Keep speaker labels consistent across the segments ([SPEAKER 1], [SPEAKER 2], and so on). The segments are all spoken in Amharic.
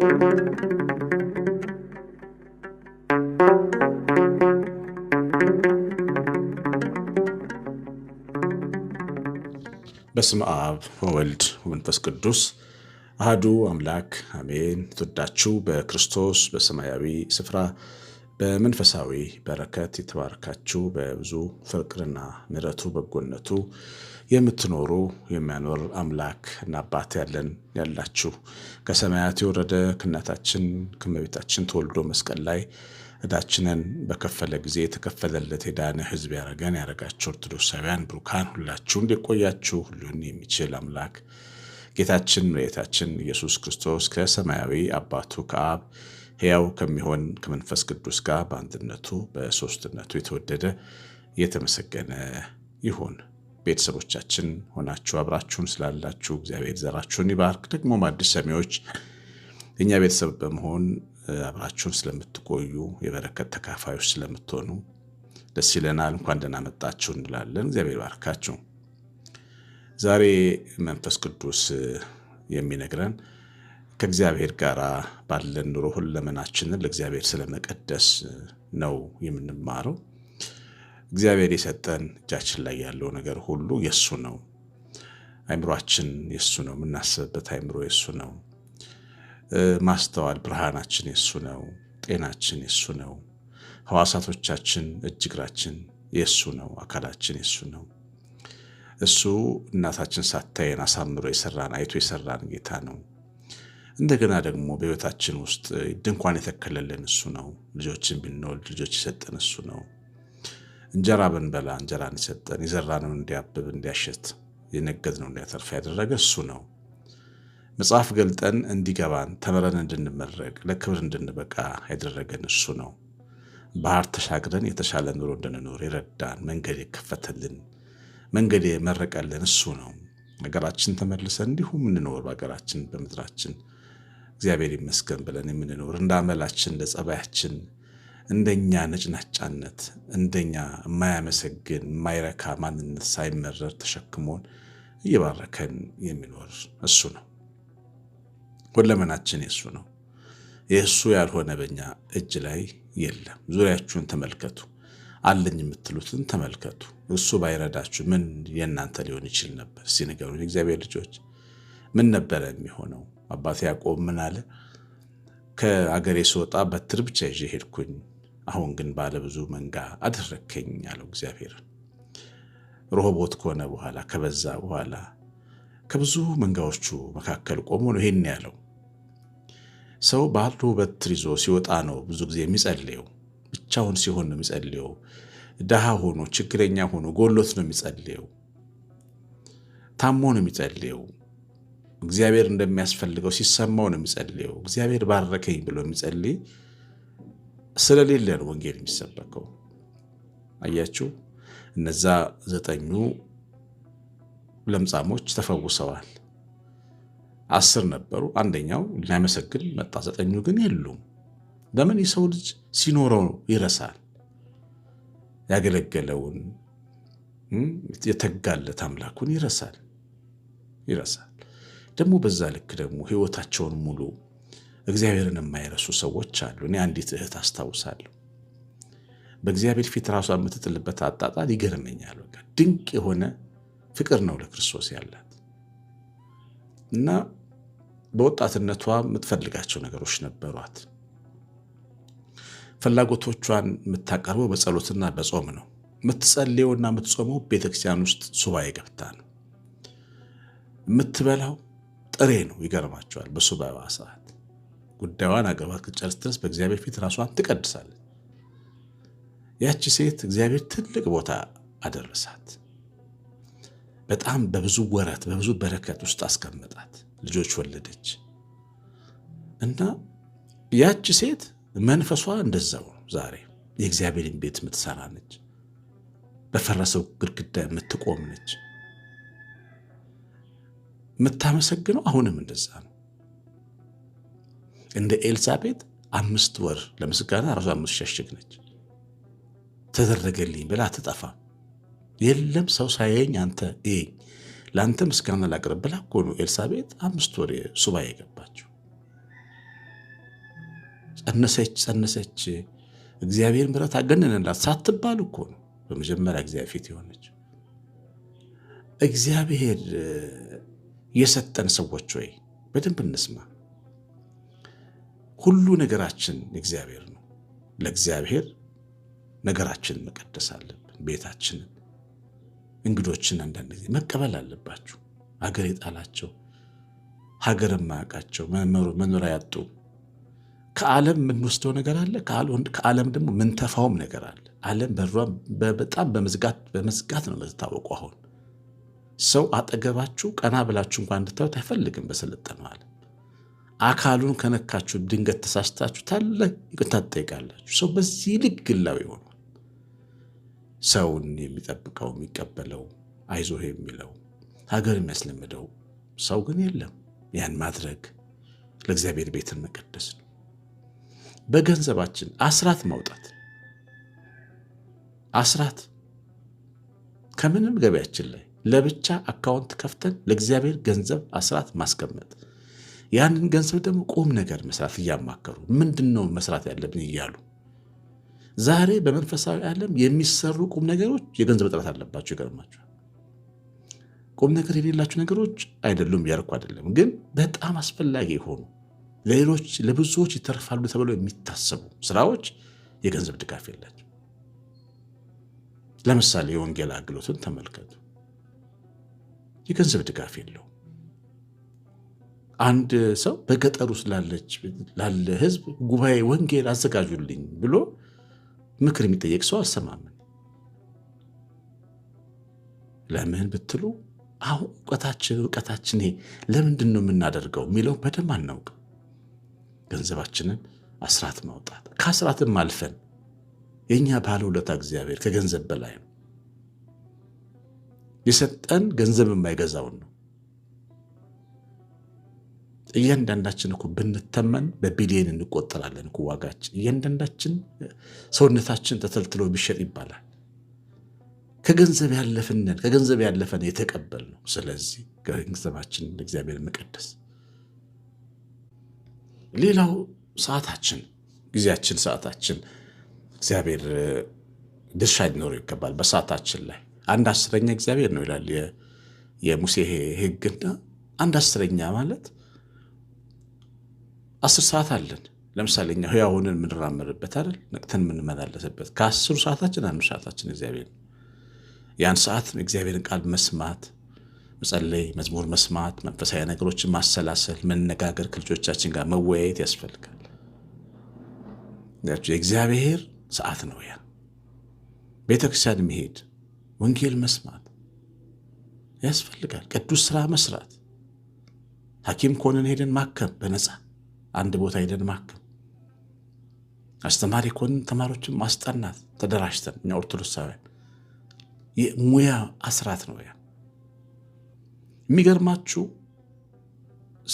[SPEAKER 1] በስም አብ ወወልድ ወመንፈስ ቅዱስ አህዱ አምላክ አሜን። የተወዳችሁ በክርስቶስ በሰማያዊ ስፍራ በመንፈሳዊ በረከት የተባረካችሁ በብዙ ፍቅርና ምሕረቱ በጎነቱ የምትኖሩ የሚያኖር አምላክ እና አባት ያለን ያላችሁ ከሰማያት የወረደ ከእናታችን ከእመቤታችን ተወልዶ መስቀል ላይ እዳችንን በከፈለ ጊዜ የተከፈለለት የዳነ ሕዝብ ያደረገን ያደረጋችሁ ኦርቶዶክሳውያን ብሩካን ሁላችሁ እንዲቆያችሁ ሁሉን የሚችል አምላክ ጌታችን መሬታችን ኢየሱስ ክርስቶስ ከሰማያዊ አባቱ ከአብ ሕያው ከሚሆን ከመንፈስ ቅዱስ ጋር በአንድነቱ በሶስትነቱ የተወደደ የተመሰገነ ይሁን። ቤተሰቦቻችን ሆናችሁ አብራችሁን ስላላችሁ እግዚአብሔር ዘራችሁን ይባርክ። ደግሞ አዲስ ሰሚዎች እኛ ቤተሰብ በመሆን አብራችሁን ስለምትቆዩ የበረከት ተካፋዮች ስለምትሆኑ ደስ ይለናል። እንኳን ደህና መጣችሁ እንላለን። እግዚአብሔር ባርካችሁ። ዛሬ መንፈስ ቅዱስ የሚነግረን ከእግዚአብሔር ጋር ባለን ኑሮ ሁለመናችንን ለእግዚአብሔር ስለመቀደስ ነው የምንማረው። እግዚአብሔር የሰጠን እጃችን ላይ ያለው ነገር ሁሉ የእሱ ነው። አይምሯችን የእሱ ነው። የምናስብበት አይምሮ የእሱ ነው። ማስተዋል ብርሃናችን የእሱ ነው። ጤናችን የእሱ ነው። ህዋሳቶቻችን እጅ እግራችን የእሱ ነው። አካላችን የእሱ ነው። እሱ እናታችን ሳታየን አሳምሮ የሰራን አይቶ የሰራን ጌታ ነው። እንደገና ደግሞ በህይወታችን ውስጥ ድንኳን የተከለልን እሱ ነው። ልጆችን ብንወልድ ልጆች የሰጠን እሱ ነው። እንጀራ ብንበላ እንጀራን የሰጠን የዘራነውን እንዲያብብ እንዲያሸት የነገድነውን እንዲያተርፍ ያደረገ እሱ ነው። መጽሐፍ ገልጠን እንዲገባን ተምረን እንድንመረቅ ለክብር እንድንበቃ ያደረገን እሱ ነው። ባህር ተሻግረን የተሻለ ኑሮ እንድንኖር የረዳን መንገድ የከፈተልን መንገድ የመረቀልን እሱ ነው። ሀገራችን ተመልሰን እንዲሁም እንኖር በሀገራችን በምድራችን እግዚአብሔር ይመስገን ብለን የምንኖር እንደ አመላችን እንደ ጸባያችን እንደኛ ነጭናጫነት እንደኛ የማያመሰግን የማይረካ ማንነት ሳይመረር ተሸክሞን እየባረከን የሚኖር እሱ ነው። ሁለመናችን የእሱ ነው። የእሱ ያልሆነ በኛ እጅ ላይ የለም። ዙሪያችሁን ተመልከቱ። አለኝ የምትሉትን ተመልከቱ። እሱ ባይረዳችሁ ምን የእናንተ ሊሆን ይችል ነበር? ሲነገሩ የእግዚአብሔር ልጆች ምን ነበረ የሚሆነው? አባት ያቆብ ምን አለ? ከአገሬ ስወጣ በትር ብቻ ይዤ ሄድኩኝ፣ አሁን ግን ባለብዙ መንጋ አደረከኝ አለው እግዚአብሔር። ሮቦት ከሆነ በኋላ ከበዛ በኋላ ከብዙ መንጋዎቹ መካከል ቆሞ ነው ይሄን ያለው። ሰው ባዶ በትር ይዞ ሲወጣ ነው ብዙ ጊዜ የሚጸልየው። ብቻውን ሲሆን ነው የሚጸልየው። ድሃ ሆኖ ችግረኛ ሆኖ ጎሎት ነው የሚጸልየው። ታሞ ነው የሚጸልየው። እግዚአብሔር እንደሚያስፈልገው ሲሰማው ነው የሚጸልየው። እግዚአብሔር ባረከኝ ብሎ የሚጸልይ ስለሌለ ነው ወንጌል የሚሰበከው። አያችሁ፣ እነዛ ዘጠኙ ለምጻሞች ተፈውሰዋል። አስር ነበሩ። አንደኛው ሊያመሰግን መጣ። ዘጠኙ ግን የሉም። ለምን? የሰው ልጅ ሲኖረው ይረሳል። ያገለገለውን የተጋለት አምላኩን ይረሳል ይረሳል። ደግሞ በዛ ልክ ደግሞ ህይወታቸውን ሙሉ እግዚአብሔርን የማይረሱ ሰዎች አሉ። እኔ አንዲት እህት አስታውሳለሁ። በእግዚአብሔር ፊት ራሷ የምትጥልበት አጣጣል ይገርመኛል። በቃ ድንቅ የሆነ ፍቅር ነው ለክርስቶስ ያላት እና በወጣትነቷ የምትፈልጋቸው ነገሮች ነበሯት። ፍላጎቶቿን የምታቀርበው በጸሎትና በጾም ነው። የምትጸልየውና የምትጾመው ቤተክርስቲያን ውስጥ ሱባኤ ገብታ ነው የምትበላው ጥሬ ነው። ይገርማቸዋል። በሱባኤዋ ሰዓት ጉዳዩዋን አገባት ክጨርስ ድረስ በእግዚአብሔር ፊት ራሷን ትቀድሳለች። ያቺ ሴት እግዚአብሔር ትልቅ ቦታ አደረሳት። በጣም በብዙ ወረት በብዙ በረከት ውስጥ አስቀመጣት። ልጆች ወለደች እና ያቺ ሴት መንፈሷ እንደዛው ነው። ዛሬ የእግዚአብሔርን ቤት የምትሰራ ነች። በፈረሰው ግድግዳ የምትቆም ነች። የምታመሰግነው አሁንም እንደዛ ነው። እንደ ኤልሳቤት አምስት ወር ለምስጋና ራሷ አምስት ሸሽግ ነች። ተደረገልኝ ብላ አትጠፋ። የለም ሰው ሳየኝ አንተ እየኝ ለአንተ ምስጋና ላቅርብ ብላ እኮ ነው ኤልሳቤጥ አምስት ወር ሱባ የገባችው። ጸነሰች ጸነሰች። እግዚአብሔር ምሕረት አገነነላት ሳትባል እኮ ነው በመጀመሪያ እግዚአብሔር ፊት የሆነች እግዚአብሔር የሰጠን ሰዎች ወይ በደንብ እንስማ። ሁሉ ነገራችን እግዚአብሔር ነው። ለእግዚአብሔር ነገራችንን መቀደስ አለብን። ቤታችንን፣ እንግዶችን አንዳንድ ጊዜ መቀበል አለባችሁ። ሀገር የጣላቸው ሀገር የማያውቃቸው መኖሪያ ያጡ ከዓለም የምንወስደው ነገር አለ። ከዓለም ደግሞ ምንተፋውም ነገር አለ። ዓለም በሯን በጣም በመዝጋት ነው የምትታወቁ አሁን ሰው አጠገባችሁ ቀና ብላችሁ እንኳ እንድታዩት አይፈልግም። በሰለጠነው ዓለም አካሉን ከነካችሁ ድንገት ተሳስታችሁ ታላቅ ትጠይቃላችሁ። ሰው በዚህ ልክ ግላዊ ይሆናል። ሰውን የሚጠብቀው የሚቀበለው፣ አይዞህ የሚለው ሀገር የሚያስለምደው ሰው ግን የለም። ያን ማድረግ ለእግዚአብሔር ቤትን መቀደስ ነው። በገንዘባችን አስራት ማውጣት አስራት ከምንም ገበያችን ላይ ለብቻ አካውንት ከፍተን ለእግዚአብሔር ገንዘብ አስራት ማስቀመጥ፣ ያንን ገንዘብ ደግሞ ቁም ነገር መስራት እያማከሩ ምንድን ነው መስራት ያለብን እያሉ ዛሬ በመንፈሳዊ ዓለም የሚሰሩ ቁም ነገሮች የገንዘብ እጥረት አለባቸው። ይገርማቸዋል። ቁም ነገር የሌላቸው ነገሮች አይደሉም ያልኩ አይደለም፣ ግን በጣም አስፈላጊ የሆኑ ለሌሎች ለብዙዎች ይተርፋሉ ተብለው የሚታሰቡ ስራዎች የገንዘብ ድጋፍ የላቸው። ለምሳሌ የወንጌል አገልግሎትን ተመልከቱ። የገንዘብ ድጋፍ የለው። አንድ ሰው በገጠር ውስጥ ላለ ህዝብ ጉባኤ ወንጌል አዘጋጁልኝ ብሎ ምክር የሚጠየቅ ሰው አሰማምን ለምን ብትሉ አሁን እውቀታችን እውቀታችን ለምንድን ነው የምናደርገው የሚለው በደንብ አናውቅ። ገንዘባችንን አስራት ማውጣት ከአስራትም አልፈን የእኛ ባለውለታ እግዚአብሔር ከገንዘብ በላይ ነው። የሰጠን ገንዘብ የማይገዛውን ነው። እያንዳንዳችን እኮ ብንተመን በቢሊየን እንቆጠራለን እኮ ዋጋችን። እያንዳንዳችን ሰውነታችን ተተልትሎ ቢሸጥ ይባላል። ከገንዘብ ያለፍነን ከገንዘብ ያለፈን የተቀበል ነው። ስለዚህ ገንዘባችን ለእግዚአብሔር መቀደስ። ሌላው ሰዓታችን፣ ጊዜያችን፣ ሰዓታችን እግዚአብሔር ድርሻ ሊኖረው ይገባል በሰዓታችን ላይ አንድ አስረኛ እግዚአብሔር ነው ይላል የሙሴ ህግና አንድ አስረኛ ማለት አስር ሰዓት አለን። ለምሳሌ እኛ ህያውንን የምንራመድበት አይደል ነቅተን የምንመላለስበት ከአስሩ ሰዓታችን አንዱ ሰዓታችን እግዚአብሔር ነው። ያን ሰዓት እግዚአብሔርን ቃል መስማት፣ መጸለይ፣ መዝሙር መስማት፣ መንፈሳዊ ነገሮችን ማሰላሰል፣ መነጋገር፣ ከልጆቻችን ጋር መወያየት ያስፈልጋል። የእግዚአብሔር ሰዓት ነው ያ ቤተክርስቲያን መሄድ ወንጌል መስማት ያስፈልጋል። ቅዱስ ስራ መስራት፣ ሐኪም ከሆነን ሄደን ማከም በነፃ አንድ ቦታ ሄደን ማከም፣ አስተማሪ ከሆነን ተማሪዎችን ማስጠናት ተደራጅተን እኛ ኦርቶዶክሳውያን የሙያ አስራት ነው። ያ የሚገርማችሁ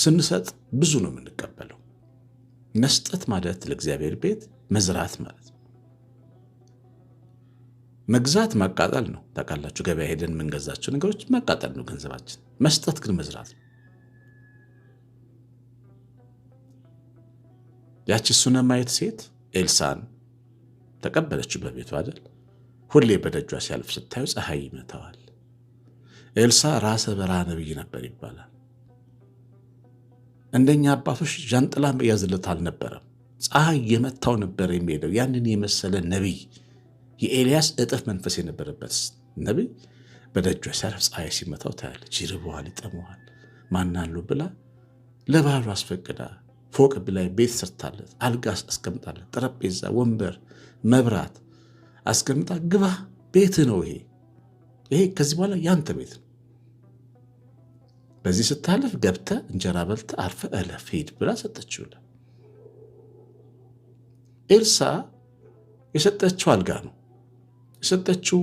[SPEAKER 1] ስንሰጥ ብዙ ነው የምንቀበለው። መስጠት ማለት ለእግዚአብሔር ቤት መዝራት ማለት ነው። መግዛት ማቃጠል ነው። ታውቃላችሁ፣ ገበያ ሄደን የምንገዛቸው ነገሮች ማቃጠል ነው ገንዘባችን። መስጠት ግን መዝራት ነው። ያቺ ማየት ሴት ኤልሳን ተቀበለችው በቤቷ አይደል? ሁሌ በደጇ ሲያልፍ ስታዩ ፀሐይ ይመታዋል። ኤልሳ ራሰ በራ ነብይ ነበር ይባላል። እንደኛ አባቶች ጃንጥላ መያዝለት አልነበረም። ፀሐይ የመታው ነበር የሚሄደው። ያንን የመሰለ ነቢይ የኤልያስ እጥፍ መንፈስ የነበረበት ነቢይ በደጇ ሲያርፍ ፀሐይ ሲመታው ታያለች። ይርበዋል፣ ይጠመዋል፣ ማናሉ ብላ ለባህሉ አስፈቅዳ ፎቅ ብላይ ቤት ሰርታለት አልጋ አስቀምጣለት ጠረጴዛ፣ ወንበር፣ መብራት አስቀምጣ ግባ ቤት ነው ይሄ ይሄ ከዚህ በኋላ ያንተ ቤት ነው። በዚህ ስታለፍ ገብተ እንጀራ በልተ አርፈ እለፍ ሂድ ብላ ሰጠችው። ኤልሳ የሰጠችው አልጋ ነው። የሰጠችው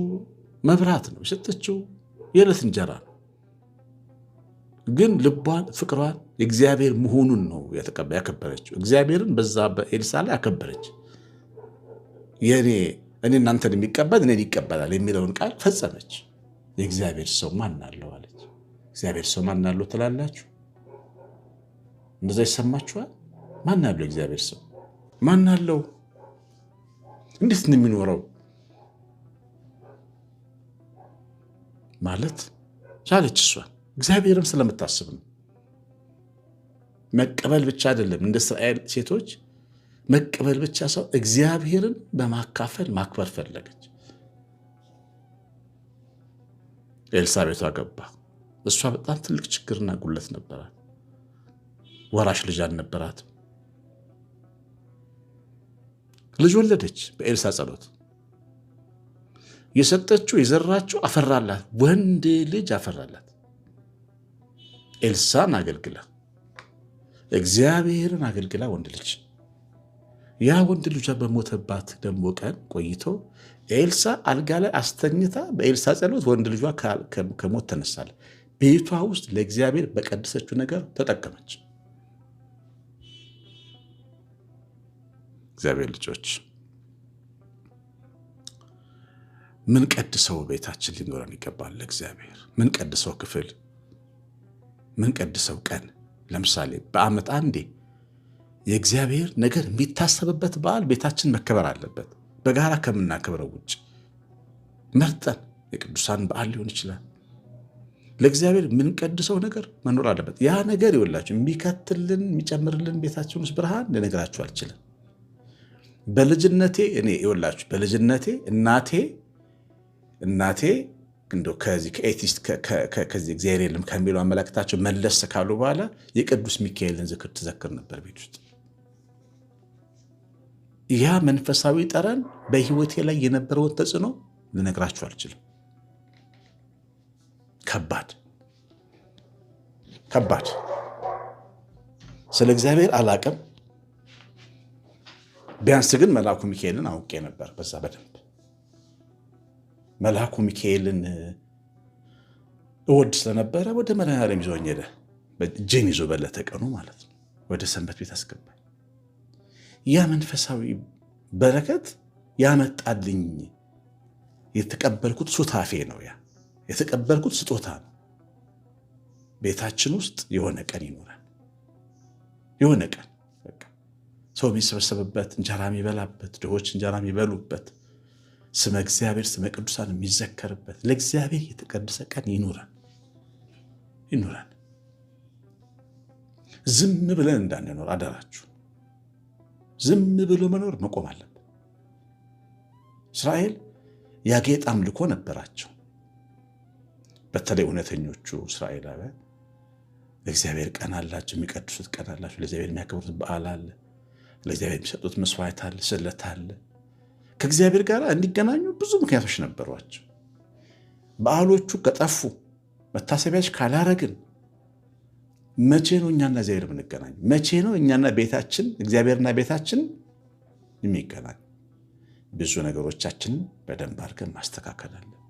[SPEAKER 1] መብራት ነው፣ የሰጠችው የዕለት እንጀራ ነው። ግን ልቧን ፍቅሯን የእግዚአብሔር መሆኑን ነው ያከበረችው። እግዚአብሔርን በዛ በኤልሳ ላይ አከበረች። የእኔ እኔ እናንተን የሚቀበል እኔን ይቀበላል የሚለውን ቃል ፈጸመች። የእግዚአብሔር ሰው ማን አለው አለች። እግዚአብሔር ሰው ማን አለው ትላላችሁ? እንደዛ ይሰማችኋል። ማን አለው? እግዚአብሔር ሰው ማን አለው? እንዴት ነው የሚኖረው? ማለት ቻለች። እሷ እግዚአብሔርም ስለምታስብ ነው። መቀበል ብቻ አይደለም፣ እንደ እስራኤል ሴቶች መቀበል ብቻ ሰው እግዚአብሔርን በማካፈል ማክበር ፈለገች። ኤልሳቤቷ ገባ። እሷ በጣም ትልቅ ችግርና ጉለት ነበራት። ወራሽ ልጅ አልነበራትም። ልጅ ወለደች በኤልሳ ጸሎት። የሰጠችው የዘራችው አፈራላት፣ ወንድ ልጅ አፈራላት። ኤልሳን አገልግላ እግዚአብሔርን አገልግላ ወንድ ልጅ ያ ወንድ ልጇ በሞተባት ደግሞ ቀን ቆይቶ ኤልሳ አልጋ ላይ አስተኝታ በኤልሳ ጸሎት ወንድ ልጇ ከሞት ተነሳለ። ቤቷ ውስጥ ለእግዚአብሔር በቀደሰችው ነገር ተጠቀመች። እግዚአብሔር ልጆች ምን ቀድሰው ቤታችን ሊኖረን ይገባል። ለእግዚአብሔር ምን ቀድሰው ክፍል፣ ምን ቀድሰው ቀን። ለምሳሌ በዓመት አንዴ የእግዚአብሔር ነገር የሚታሰብበት በዓል ቤታችን መከበር አለበት። በጋራ ከምናከብረው ውጭ መርጠን የቅዱሳን በዓል ሊሆን ይችላል። ለእግዚአብሔር የምንቀድሰው ነገር መኖር አለበት። ያ ነገር ይወላችሁ የሚከትልን የሚጨምርልን ቤታችን ውስጥ ብርሃን ልነግራችሁ አልችልም። በልጅነቴ እኔ ይወላችሁ በልጅነቴ እናቴ እናቴ እንዶ ከዚህ ከኤቲስት ከዚህ እግዚአብሔር የለም ከሚሉ አመለክታቸው መለስ ካሉ በኋላ የቅዱስ ሚካኤልን ዝክር ትዘክር ነበር ቤት ውስጥ። ያ መንፈሳዊ ጠረን በህይወቴ ላይ የነበረውን ተጽዕኖ ልነግራችሁ አልችልም። ከባድ ከባድ። ስለ እግዚአብሔር አላቅም። ቢያንስ ግን መልአኩ ሚካኤልን አውቄ ነበር በዛ በደንብ መልአኩ ሚካኤልን እወድ ስለነበረ ወደ መድኃኔዓለም ይዞኝ ሄደ። እጄን ይዞ በለተ ቀኑ ማለት ነው ወደ ሰንበት ቤት አስገባኝ። ያ መንፈሳዊ በረከት ያመጣልኝ የተቀበልኩት ሱታፌ ነው። ያ የተቀበልኩት ስጦታ ነው። ቤታችን ውስጥ የሆነ ቀን ይኖራል። የሆነ ቀን ሰው የሚሰበሰብበት እንጀራ የሚበላበት ድሆች እንጀራ የሚበሉበት ስመ እግዚአብሔር ስመ ቅዱሳን የሚዘከርበት ለእግዚአብሔር የተቀደሰ ቀን ይኑረን ይኑረን። ዝም ብለን እንዳንኖር አደራችሁ። ዝም ብሎ መኖር መቆም አለብን። እስራኤል ያጌጥ አምልኮ ነበራቸው። በተለይ እውነተኞቹ እስራኤላውያን ለእግዚአብሔር ቀን አላቸው፣ የሚቀድሱት ቀን አላቸው። ለእግዚአብሔር የሚያከብሩት በዓል አለ። ለእግዚአብሔር የሚሰጡት መስዋዕት አለ፣ ስለት አለ። ከእግዚአብሔር ጋር እንዲገናኙ ብዙ ምክንያቶች ነበሯቸው። በዓሎቹ ከጠፉ መታሰቢያች ካላረግን መቼ ነው እኛና እግዚአብሔር የምንገናኝ? መቼ ነው እኛና ቤታችን እግዚአብሔርና ቤታችን የሚገናኝ? ብዙ ነገሮቻችንን በደንብ አድርገን ማስተካከል አለብን።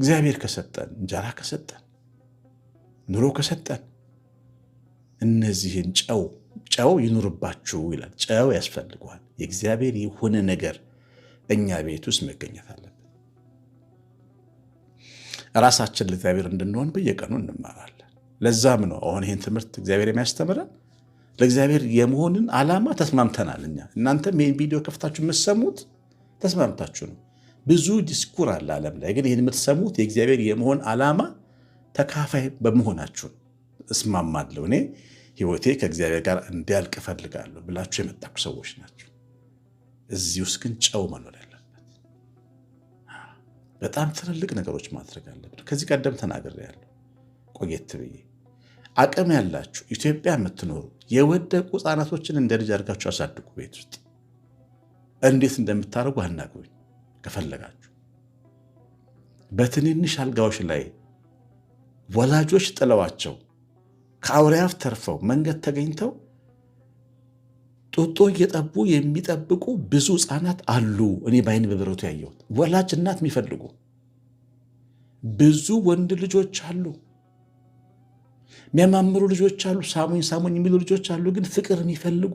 [SPEAKER 1] እግዚአብሔር ከሰጠን እንጀራ ከሰጠን ኑሮ ከሰጠን እነዚህን ጨው ጨው ይኑርባችሁ ይላል። ጨው ያስፈልገዋል። የእግዚአብሔር የሆነ ነገር እኛ ቤት ውስጥ መገኘት አለብን። ራሳችን ለእግዚአብሔር እንድንሆን በየቀኑ እንማራለን። ለዛም ነው አሁን ይህን ትምህርት እግዚአብሔር የሚያስተምረን። ለእግዚአብሔር የመሆንን ዓላማ ተስማምተናል እኛ። እናንተም ይህን ቪዲዮ ከፍታችሁ የምትሰሙት ተስማምታችሁ ነው። ብዙ ዲስኩር አለ ዓለም ላይ ግን ይህን የምትሰሙት የእግዚአብሔር የመሆን ዓላማ ተካፋይ በመሆናችሁ እስማማለሁ እኔ ህይወቴ ከእግዚአብሔር ጋር እንዲያልቅ እፈልጋለሁ ብላችሁ የመጣችሁ ሰዎች ናቸው። እዚህ ውስጥ ግን ጨው መኖር ያለበት በጣም ትልልቅ ነገሮች ማድረግ አለብን። ከዚህ ቀደም ተናግሬያለሁ ቆየት ብዬ አቅም ያላችሁ ኢትዮጵያ የምትኖሩ የወደቁ ህጻናቶችን እንደ ልጅ አድርጋችሁ አሳድጉ። ቤት ውስጥ እንዴት እንደምታደርጉ አናግሩኝ ከፈለጋችሁ። በትንንሽ አልጋዎች ላይ ወላጆች ጥለዋቸው ከአውሬያፍ ተርፈው መንገድ ተገኝተው ጡጦ እየጠቡ የሚጠብቁ ብዙ ህፃናት አሉ። እኔ በአይን በብረቱ ያየሁት ወላጅ እናት የሚፈልጉ ብዙ ወንድ ልጆች አሉ። የሚያማምሩ ልጆች አሉ። ሳሙኝ ሳሙኝ የሚሉ ልጆች አሉ። ግን ፍቅር የሚፈልጉ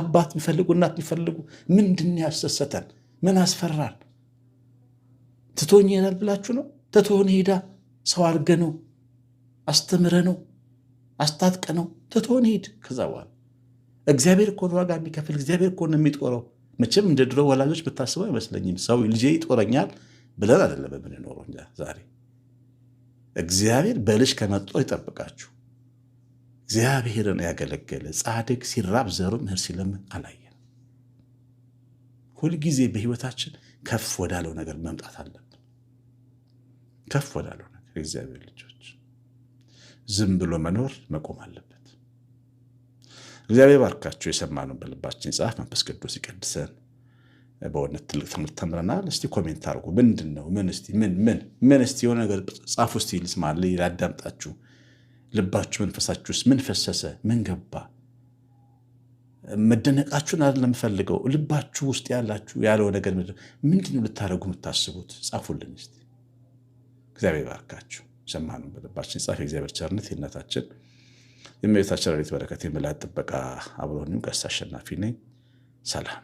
[SPEAKER 1] አባት የሚፈልጉ እናት የሚፈልጉ ምንድን ያሰሰተን? ምን አስፈራን? ትቶኝ ይሄዳል ብላችሁ ነው? ትቶን ሄዳ ሰው አድርገ ነው አስተምረ ነው አስታጥቀ ነው ትቶን ሄድ። ከዛ በኋላ እግዚአብሔር እኮ ዋጋ የሚከፍል እግዚአብሔር እኮ ነው የሚጦረው። መቼም እንደ ድሮ ወላጆች ብታስበው አይመስለኝም። ሰው ልጄ ይጦረኛል ብለን አይደለም የምንኖረው ዛሬ። እግዚአብሔር በልጅ ከመጦ ይጠብቃችሁ። እግዚአብሔርን ያገለገለ ጻድቅ ሲራብ ዘሩም እህል ሲለምን አላየን። ሁልጊዜ በህይወታችን ከፍ ወዳለው ነገር መምጣት አለብን። ከፍ ወዳለው ነገር እግዚአብሔር ልጆች ዝም ብሎ መኖር መቆም አለበት። እግዚአብሔር ባርካቸው። የሰማነውን በልባችን ጻፍ። መንፈስ ቅዱስ ይቀድሰን። በእውነት ትልቅ ትምህርት ተምረናል። እስቲ ኮሜንት አድርጉ። ምንድን ነው ምን እስቲ ምን ምን ምን እስቲ የሆነ ነገር ጻፉ። እስቲ ልስማ፣ ላዳምጣችሁ። ልባችሁ መንፈሳችሁስ ምን ፈሰሰ? ምን ገባ? መደነቃችሁን አይደለም የምፈልገው። ልባችሁ ውስጥ ያላችሁ ያለው ነገር ምንድን ነው? ልታደርጉ የምታስቡት ጻፉልን እስቲ። እግዚአብሔር ባርካችሁ። ሰማ ነው። በልባችን የጻፈ የእግዚአብሔር ቸርነት የእናታችን የእመቤታችን ረድኤት በረከት የመላእክት ጥበቃ አብሮንም ቀሲስ አሸናፊ ነኝ። ሰላም